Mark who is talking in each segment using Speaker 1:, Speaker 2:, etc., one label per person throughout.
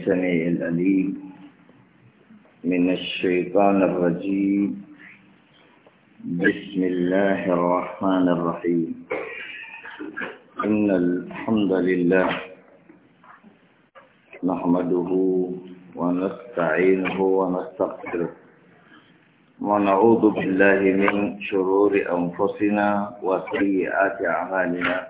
Speaker 1: السميع الأليم من الشيطان الرجيم بسم الله الرحمن الرحيم إن الحمد لله نحمده ونستعينه ونستغفره ونعوذ بالله من شرور أنفسنا وسيئات أعمالنا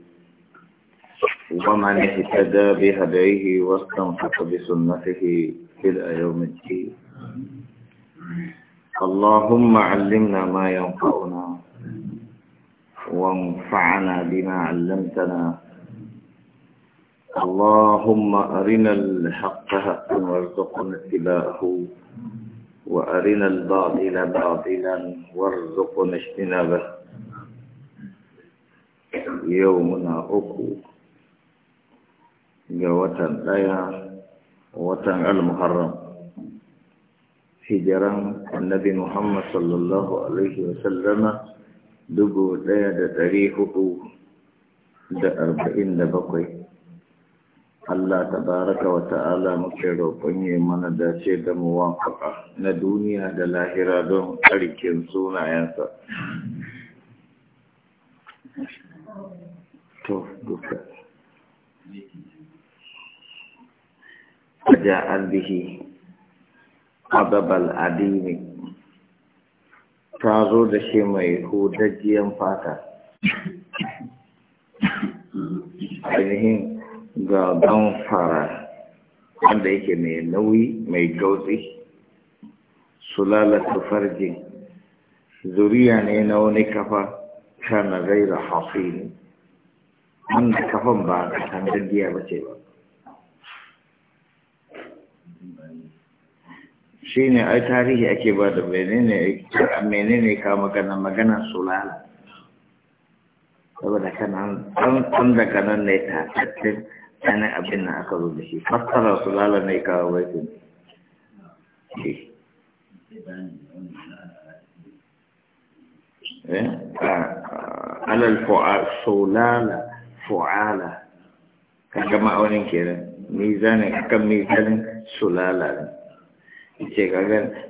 Speaker 1: ومن اهتدى بهديه واستنفق بسنته إلى يوم الدين اللهم علمنا ما ينفعنا وانفعنا بما علمتنا اللهم أرنا الحق حقا وارزقنا اتباعه وأرنا الباطل باطلا وارزقنا اجتنابه يومنا أكو ga watan ɗaya watan al-muharram hijiran annabi muhammad sallallahu alaihi wasallama dubu ɗaya da ɗari hudu da arba'in da bakwai Allah tabaraka wa ta'ala muke roƙon yi mana dace da muwafaka na duniya da lahira don ƙarƙin sunayensa. To, duka. A babal غضب Ta zo da shi mai دجيان fata. ainihin ga don fara wanda yake mai nauyi mai gautsi sulalatu farjin zuriya ne na wani kafa kana gaira hafi ne wanda kafan ba a kan ba ce ba shi ne ai tarihi ake ba da menene ka magana magana sulala saboda kanan ɗan daga nan ne ta tattin ana abin na aka zo da shi fassara sulala ne kawo baitin eh? ah, ah, alal sulala fu'ala kan gama aunin kenan mizanin akan mizanin sulala ne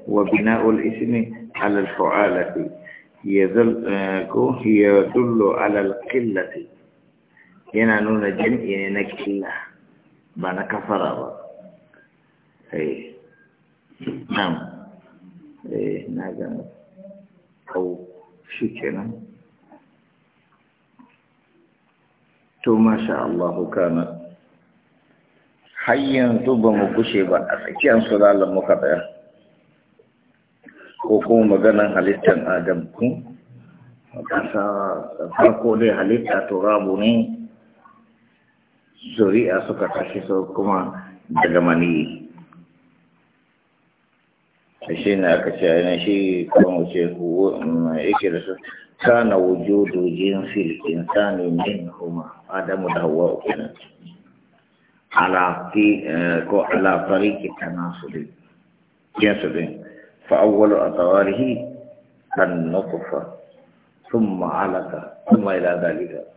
Speaker 1: وبناء الاسم على الفعالة يدل آه، يدل على القلة هنا نون يعني نكلة ما نكفر أي نعم أي نعم أو شو كنا تو ما شاء الله كانت har yanzu ba mu kushe ba a tsakiyar sulalar muka daya ko kuma maganan halittar adam ku ƙasa farko dai halitta to rabu ne zuri'a suka tashi su kuma daga maniyi a shi ne aka ce yana shi Kuma wuce yake da su kana wujudu sa insani min huma adamu da hawa kenan على في آه، على طريق التناسل جسد فأول أطواره النطفة ثم علقة ثم إلى ذلك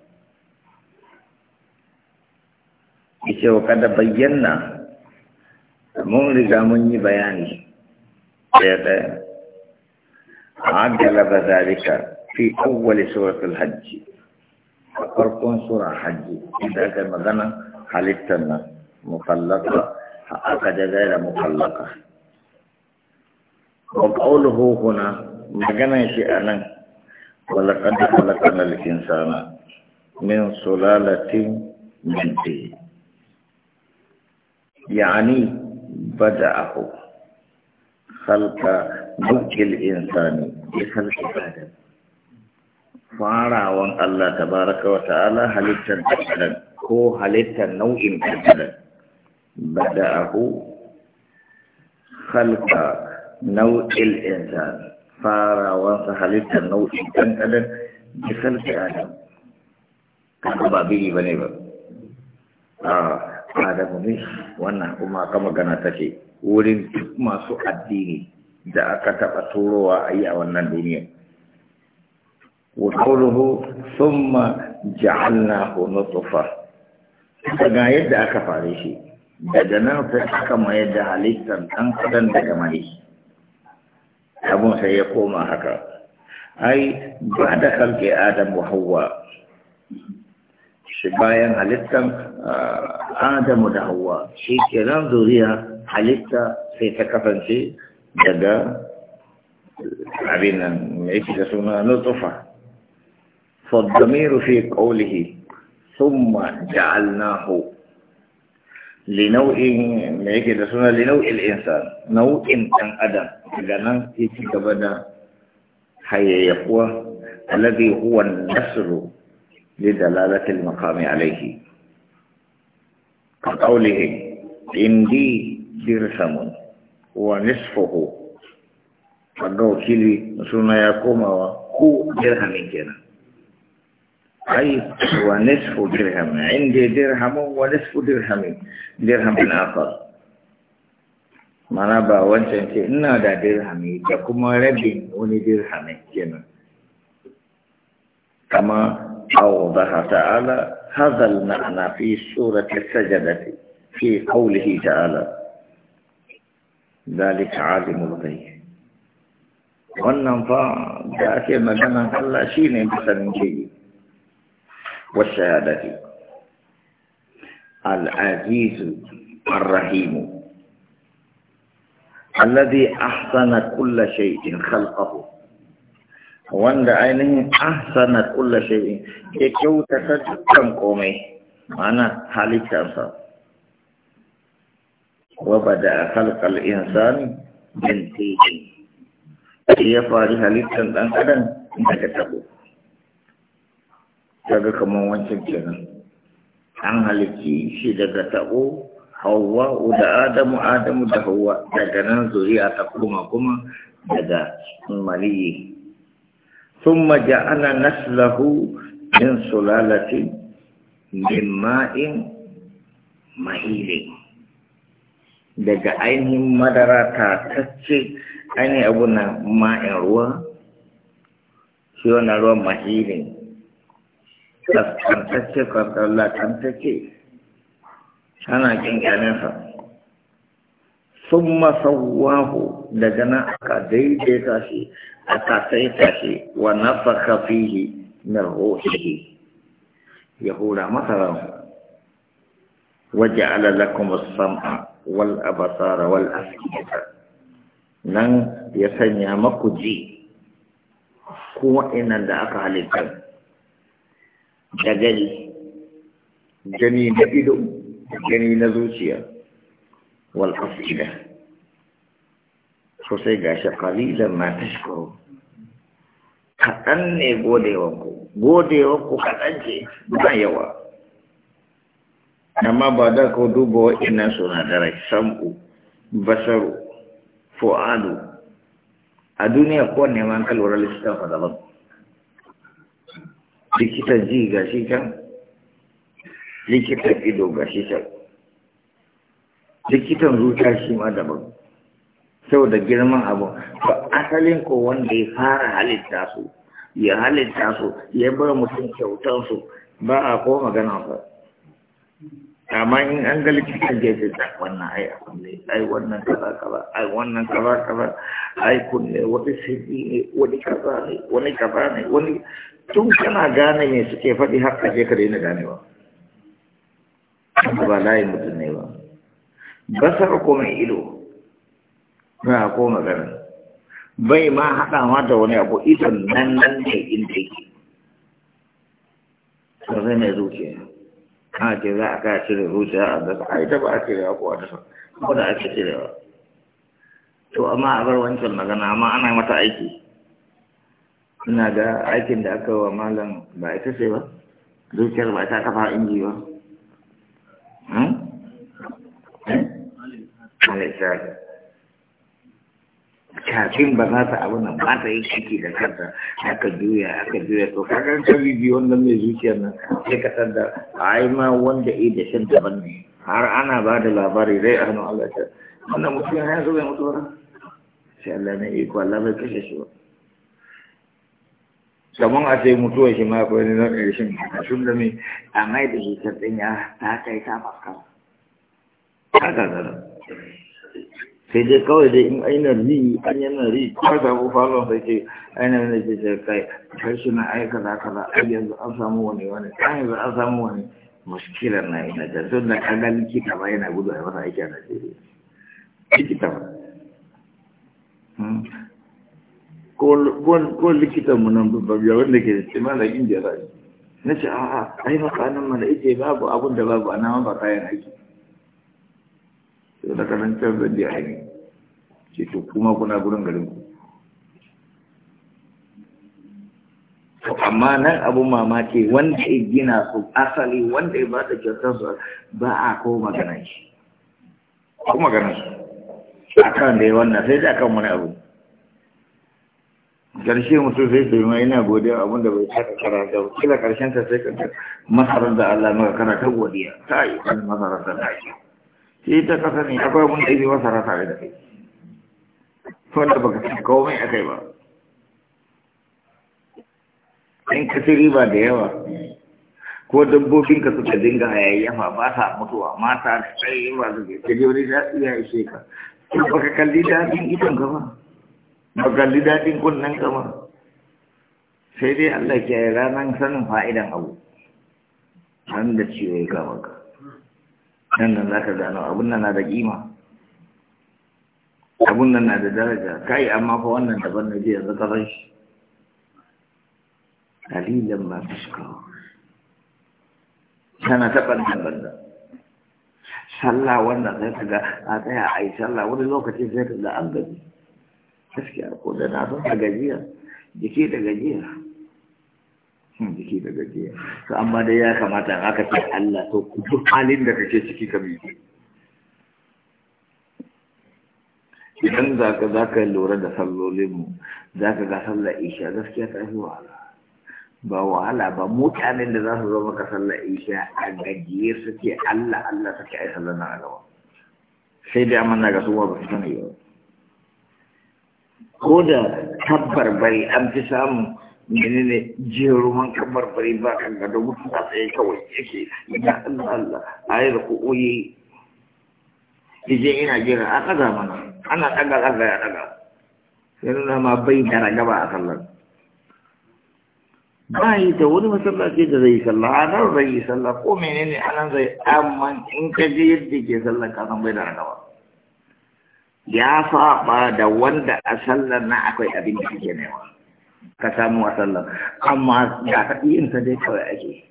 Speaker 1: إذا وقد بينا من رجع مني بياني بيته عجل بذلك في أول سورة الحج فقرقون سورة الحج إذا كان مغنى حلتنا mukallaka haka da zaira mukallaka ko kaulu hukuna magana shi a nan walakan da walakan lalikin sana min sulalatin minti ya'ani da aho halka dukkan insani ya halka adam farawan Allah tabaraka wa ta'ala halittar ko halittar nau'in ɗan بدأه خلق نوع الإنسان فارا وانسا خلق نوع الإنسان بخلق آدم كان بابي بني آه، آدم ومي وانا وما كما كان تشي ولين ما سوء الدين دا كتب أطولوا أي أولنا الدنيا وقوله ثم جعلناه نطفة فقايد دا كفاريشي daga nan sai aka mai da halittar ɗan kadan daga mai abun sai ya koma haka ai ba da kalke adam wa hawa shi bayan halittar adamu da hawa shi kiran zuriya halitta sai ta kasance daga abin nan mai da suna nutsufa فالضمير في قوله ثم جعلناه linau'in da da suna linau'in insan nau'in ɗan adam daga nan ke ci gaba da hayayyafuwa alladhi huwa nasru li dalalati al maqami alayhi qawlihi indi dirhamun wa nisfuhu fa gawkili suna ya komawa wa ku dirhamin kenan أي ونصف درهم عندي درهم ونصف درهم درهم آخر مرابا وانسان سي إنا دا درهم جاكما ربين وني درهم جنة كما أوضح تعالى هذا المعنى في سورة السجدة في قوله تعالى ذلك عالم الغي wannan fa da ake magana Allah shi والشهادة العزيز الرحيم الذي أحسن كل شيء خلقه وند عينه أحسن كل شيء يكو تسجدكم قومي أنا حالي شانسا وبدأ خلق الإنسان من تيجن Ia pada hal itu tentang kadang daga kamar wancan kenan an halicci shi daga taɓo hawa da adamu adamu da hawa daga nan zuriya ta kuma kuma daga maliyi maja ana naslahu in sulalati min ma'in mahili daga ainihin madara ta tatacce ainihin abu na ma'in ruwa shi wannan ruwan mahilin kaskantacce kwantarlatantacce ana kinkaninsa sun masawahu daga nan aka daidaita shi aka saita shi wa nafaka fihi min ruhihi ya hura masa ran waje alalakun musamman wal abasara wal asibita nan ya sanya maku ji kuma inan da aka halittar da gani gani na ido gani na zuciya wal afida sosai gashi qalilan ma tashkuru kaɗan ne godewanku godewanku kaɗan ce ba yawa amma ba da ku duba wa'innan sunadarai sam'u basaru Fo'adu. a duniya ko neman kalwarar lissafin daban likitan ji ga shi can likitan ido ga shi can likitan zuciya shi ma daban saboda girman abu Ba asalin ko wanda ya fara halitta su ya halitta su ya bar mutum kyautansu ba a ko magana ba amma in an ga likitan gefe ta wannan ai a kunne ai wannan kaza kaza ai wannan kaza kaza ai kunne wani sirri ne wani kaza ne wani kaza ne wani tun kana gane me suke faɗi har ka je ka daina ganewa ba layin mutum ne ba basar ko mai ido ba ko magana bai ma haɗawa da wani abu idon nan nan ne inda yake ba mai zuciya a ce za a kaya cire zuciya a dasa a ita ba a cirewa ko a dasa ko da ake cirewa to amma a bar wancan magana amma ana mata aiki ina ga aikin da aka wa malam ba ita ce ba zuciyar ba ta kafa inji ba hmm? Hmm? kafin ba za ta abu nan ba ta yi ciki da kanta aka juya aka juya to ka kan ka bibi wannan mai zuciya nan sai ka tada ai ma wanda yi da shan daban ne har ana ba da labari rai a hannun Allah wannan mutum ya zo bai mutu ba sai Allah ne iko Allah bai kashe shi ba kamar a ce mutuwa shi ma akwai ne na ƙarshen shun da mai a mai da shi ya ta kai ta fuskar ta zara sai dai kawai dai in aina ri an yana ri ta samu falon sai ce aina ne ce ce kai shi na ai kaza kaza ai yanzu an samu wani wani ai yanzu an samu wani muskilar na ina da tun da kaga likita ba yana gudu a masa aiki a Najeriya likita ba hmm. ko likitan mu nan babban ya wanda ke ce mana indiya za na ce a'a ai ba nan mana ike babu abun da babu a nan ba kayan aiki sai da karantar da jihari ce to kuma kuna gurin garin ku To amma nan abu mamaki wanda ya gina su asali wanda ya ba da kyautar su ba a ko magana shi ko magana shi a kan da ya wannan sai da kan wani abu ƙarshe mutum sai su yi ma yana godiya abin da bai saka karanta ba kila karshen ta sai ka masarar da Allah maka karanta godiya ta yi kan masarar da ta yi shi ta kasa ne akwai abin da ibi masara tare da kai wanda baka san komai a kai ba in ka ci riba da yawa ko dabbobin ka suka dinga hayayyafa ba sa mutuwa mata da tsaye ba su ke kaje wani da ya ishe ka baka kalli daɗin idon ka ba ba kalli daɗin kunnen ka ba sai dai Allah ke ranar sanin fa'idan abu an da ciwo ya gama ka nan nan za ka gano abun nan na da kima abun nan na da daraja kai amma fa wannan daban na jiya zaka ran shi kalilan ma fuskawa tana taɓa nan banda sallah wannan sai ka ga a tsaya a yi sallah wani lokacin sai ka ga an gaji gaskiya ko da na san a gajiya jiki da gajiya Hmm. jiki da gajiya to amma dai ya kamata aka ce Allah to kudu halin da kake ciki ka biyu. idan za ka za ka lura da sallolinmu za ka ga sallar isha gaskiya ta fi wahala ba wahala ba mutanen da za su zo maka sallar isha a gajiye suke Allah Allah ke aisa lana na gaba sai dai na ga suwa ba su sani ba ko da tabbar bari an fi samun menene ruwan kamar bari ba kan gado mutum ta tsaye kawai yake ya Allah Allah a yi da kuɓoyi ije ina jira a ɗaga mana ana ɗaga ɗaga ya ɗaga sai nuna ma bai da gaba a sallar ba yi ta wani masallaci da zai sallah a nan zai yi sallar ko menene a nan zai amma in ka je yadda ke sallar, ka san bai da gaba ya saba da wanda a sallar na akwai abin da kake nema ka samu a sallah amma da ka yin ta dai kawai ake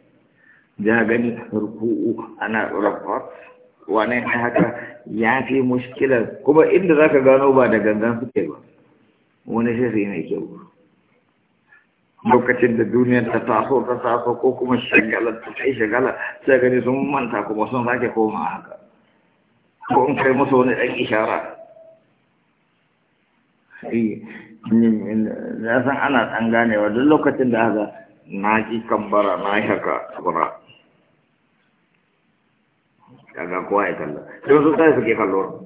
Speaker 1: ja gani ruku'u ana rafa wane ne haka ya fi mushkilar kuma inda zaka gano ba da gangan suke ba wani shiri mai kyau lokacin da duniyar ta taso ta taso ko kuma shagalar ta kai shagala sai gani sun manta kuma sun sake koma haka ko in kai musu wani ɗan ishara eh, na san ana ɗan ganewa duk lokacin da haka na ƙi kambara na yi haka tsura daga kowa ya kalla don su tsaye suke kallo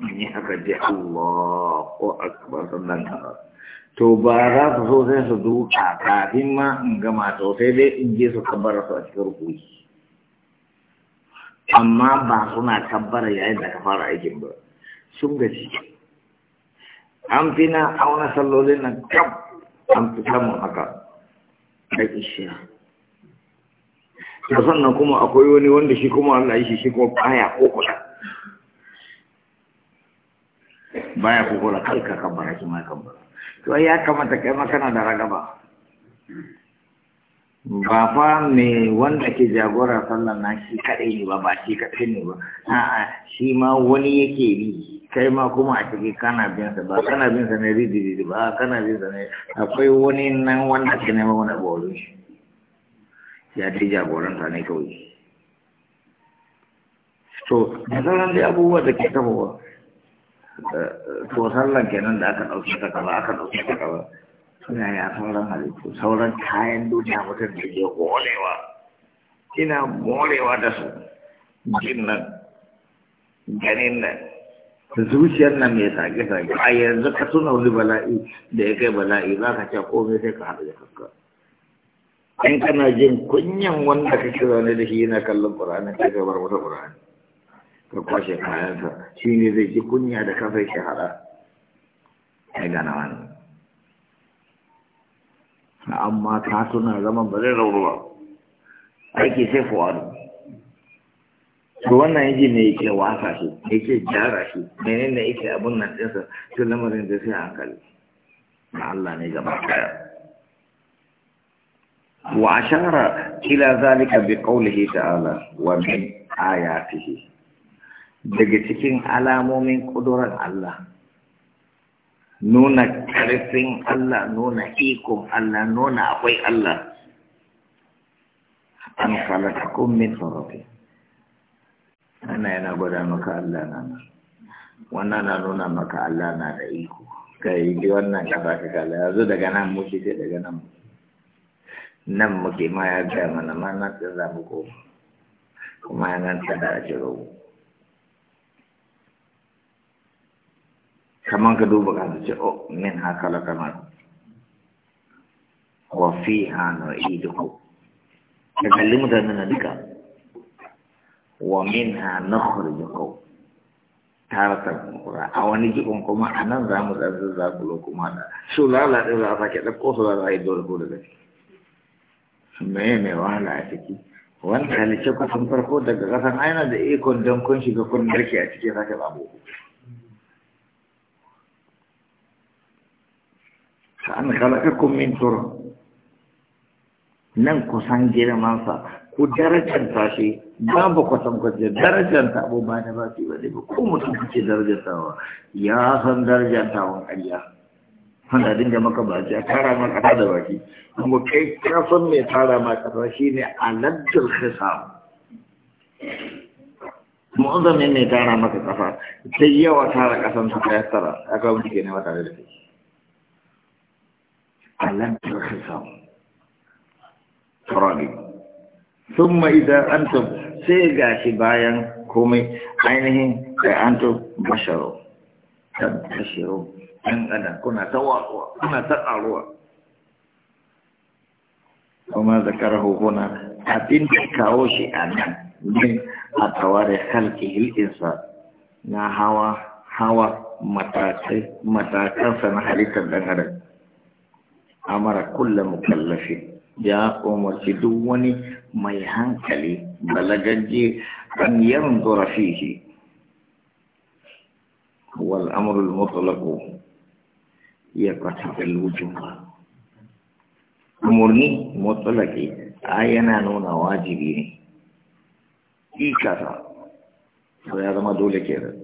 Speaker 1: ni haka je Allah ko akbar sannan ka to ba za su so sai su duka kafin ma in gama to sai dai in je su kambara su a cikin rukuni amma ba suna kambara yayin da ka fara aikin ba sun gaji an fi na auna sallolin nan kam an fi samun haka da ishiya ta sannan kuma akwai wani wanda shi kuma Allah shi shi kuma baya kokula baya kokula kalka kabara shi ma kabara to ya kamata kai ma kana da ragaba ba fa me wanda ke jagora sallan na shi kadai ne ba ba shi kadai ne ba a'a shi ma wani yake bi kai ma kuma a ciki kana bin sa ba kana bin sa ne rididi ba kana bin sa ne akwai wani nan wanda ke nema wani bolin shi ya ce ta ne kawai to da zaran dai abubuwa da ke ba eh, to sallan kenan da aka ɗauke ta kaba aka ɗauke ta kaba suna ya sauran halittu sauran kayan duniya mutum da ke holewa ina morewa da su jin nan ganin nan zuciyar nan mai sage-sage a yanzu ka tuna wani bala'i da ya kai bala'i za ka ce komai sai ka haɗu da kanka in kana jin kunyan wanda kake zaune da shi yana kallon ƙur'anin ka ka bar wata ƙur'ani ka kwashe kayansa shi ne zai ji kunya da kafa shi haɗa ya gana wani amma ka tuna zaman ba zai rauru ba aiki sai ne to wannan yake ne yake wasa shi yake gyara shi menene yake abun nan ɗinsa to lamarin da sai hankali na Allah ne gaba daya wa ashara ila zalika bi qawlihi ta'ala wa min ayatihi daga cikin alamomin kudurar Allah nuna karfin Allah nuna ikon Allah nuna akwai Allah an khalaqakum min turabin Ana yana gwada maka Allah na nan, wannan na nuna maka Allah na da iko kai ji wannan ka ba ka kala yanzu daga nan muke ce daga nan muke nan muke ma ya ga mana ma nan da za mu koma kuma nan ta da jiro kaman ka duba ka ce oh min haka la kamar wa fiha nu'iduhu ka kalli mutanen duka wa minha nakhrijukum taratan kura a wani jikon kuma a nan za mu tsarzu za ku kuma da su da za a sake ko su za a yi dole ko da ciki me mai wahala a ciki wanda halice sun farko daga ƙasan aina da ikon don kun shiga kun narke a cikin sake babu ka an min turab nan kusan girman sa ku darajanta shi babu kwatankwacin darajanta abu ba da ba su yi wani ba ko mutum kuke wa? ya san darajantawan ƙarya wanda dinga maka baki a tara ma ƙasa da baki kuma kai ka san mai tara ma ƙasa shi ne aladdul hisab mu'azzami mai tara maka ƙasa ta yawa tara ƙasan ta kayar tara a kawo mutu ke nema tare da kai aladdul hisab Tara ne. ثم إذا أنتم سيغا شبايا كومي عينهم أنتم بشروا تبشروا أن أنا كنا تواقوا أنا تقعروا وما ذكره هنا أتين كاوشي أنا من أطوار خلقه الإنسان نا هوا هوا متاكي متاكي na halittar أمر كل مكلفين ya umarci duk wani mai hankali balagagge an yanzura fihi wal amrul mutlaqu ya qatil wujuba umurni mutlaqi ayana nuna wajibi ne ikata to ya zama dole kenan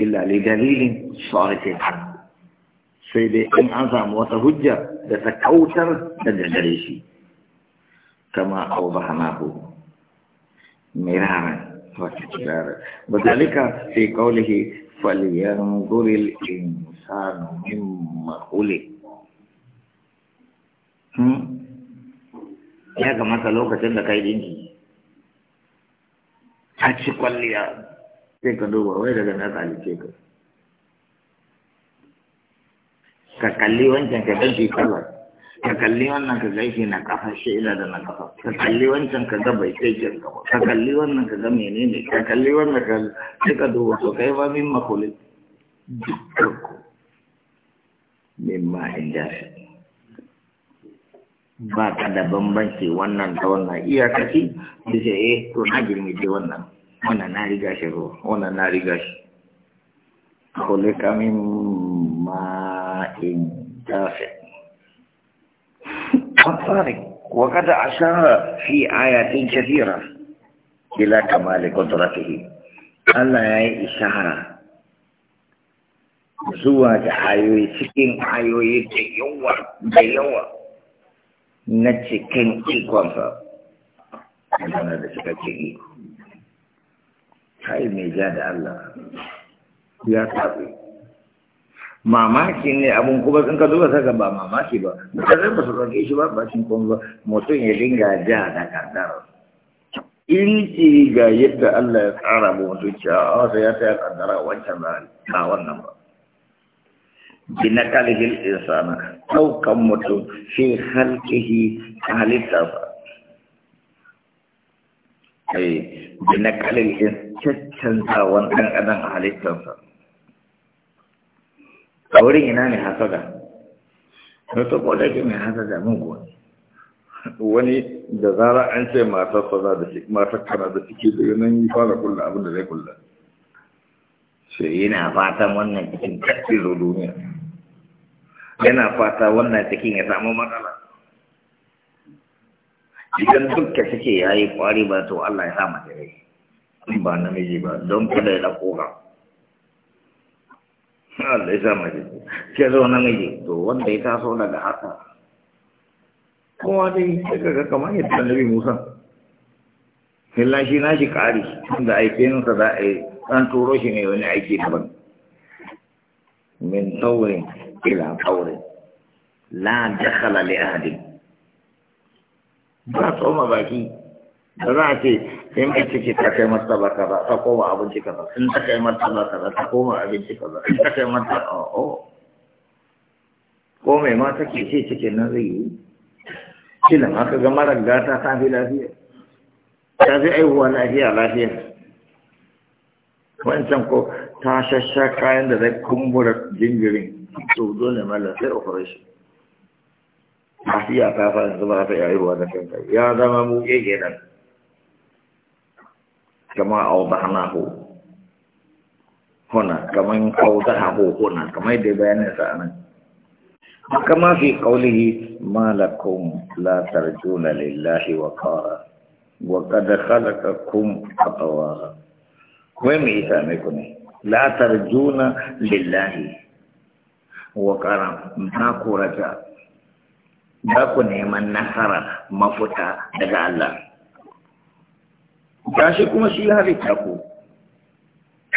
Speaker 1: illa li dalilin sarifin sai dai in an samu wata hujja da ta kautar da gare shi kama mai rana wata kirara Sai fi Faliyar, فلينظر الإنسان مما خلق ya kamata lokacin da kai dinki a ci kwalliya sai ka duba wai daga na tsalice ka ka kalli wancan ka gan shi kalar ka kalli wannan ka ga shi na kafa shi ila da na kafa ka kalli wancan ka ga bai kai kin kafa ka kalli wannan ka ga menene ka kalli wannan ka sai ka duba to kai ba min makulin dukkan ku min ma inda shi ba ka da bambanci wannan da wannan iyakaci da ce eh to na girmi girmije wannan wannan na riga shi ruwa wannan na riga shi kulika min ma'in dafin kwanfarin wakada a shara fi ayatun kafira ila kamalin kwanfarafihi allah ya yi ishara zuwa da ayoyi cikin ayoyi da yawa da yawa na cikin ikonsa yana da suka ce iko ta yi mai da allah ya tafi mamaki ne abun kuma sun ka duba saka ba mamaki ba mutane ba su roƙe shi ba ba shi kuma mutum ya dinga ja da kardar in ce ga yadda Allah ya tsara ba wato cewa a ah, wasa ah, ya tsaya a wancan ba wannan ba na kalihil insana ɗaukan mutum fi halkihi eh, a halittarsa bina kalihil caccanzawan ɗan adam halittarsa a wurin ina ne hasada na ta kwada ke mai hasada mugu ne wani da zara an ce matar sana da shi matar kana da ciki daga nan yi fara kulla abin da zai kulla shi yana fata wannan cikin kafin zo duniya yana fata wannan cikin ya samu matsala idan dukka suke ya yi kwari ba to Allah ya sa mace rai ba namiji ba don kada ya ɗauko Allah ya sama shi ke zo namiji to wanda ya taso daga haka kowa dai daga ga kamar yadda annabi Musa illa shi na shi kari da aikinsa za a yi an turo shi ne wani aiki daban min taurin ila taurin la dakhala li ahadin ba tsoma baki da za a ce sai mai ciki ta kai ka ba, ta koma abinci ba in ta kai ka kaza ta koma abinci ba in ta kai martaba o oh, oh. ko mai ma take ce cikin nan zai yi kilan haka ga marar gata ta fi lafiya ta fi aihuwa lafiya lafiya wancan ko ta shasha kayan da zai kumbura jingirin to dole mala sai operation lafiya ta fara zuba ta ruwa da kanka ya zama mu kenan كما أوضحناه هنا كما أوضحه هنا كما يدبان سأنا كما في قوله ما لكم لا ترجون لله وقارا وقد خلقكم أطوارا وين إيسانكم لا ترجون لله وقارا ما كورجا ba نيما نحرا مفتا mafuta الله gashi kuma shi halitta ku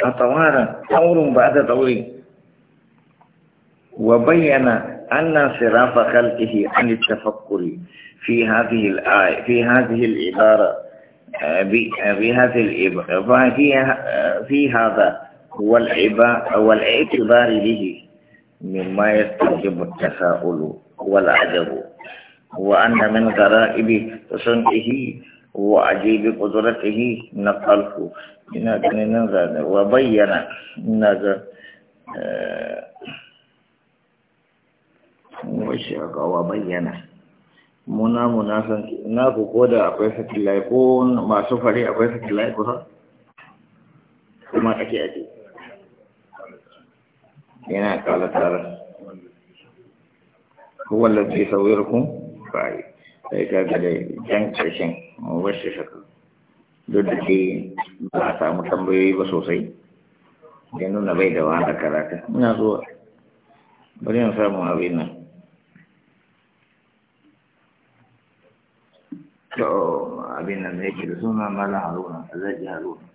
Speaker 1: a tsawara taurin ba ta tsauri wa bayyana anna sirafa khalqihi an tafakkuri fi hadhihi al fi hadhihi al-ibara بهذه في هذا هو والاعتبار به مما يستوجب التساؤل والعجب وأن من غرائب صنعه وعجيب قدرته نقله وبين نظر وبين muna muna san na ku ko da akwai satellite ko masu fari akwai satellite kuma ake ake yana kala tare huwa lafi sauwirkum ba'i sai ka ga dai can ƙarshen wasu shaka duk da ke ba a samu tambayoyi ba sosai da nuna bai da wahala karata ina zuwa bari na samu abin nan to abin nan ne ke da suna mala haruna alhaji haruna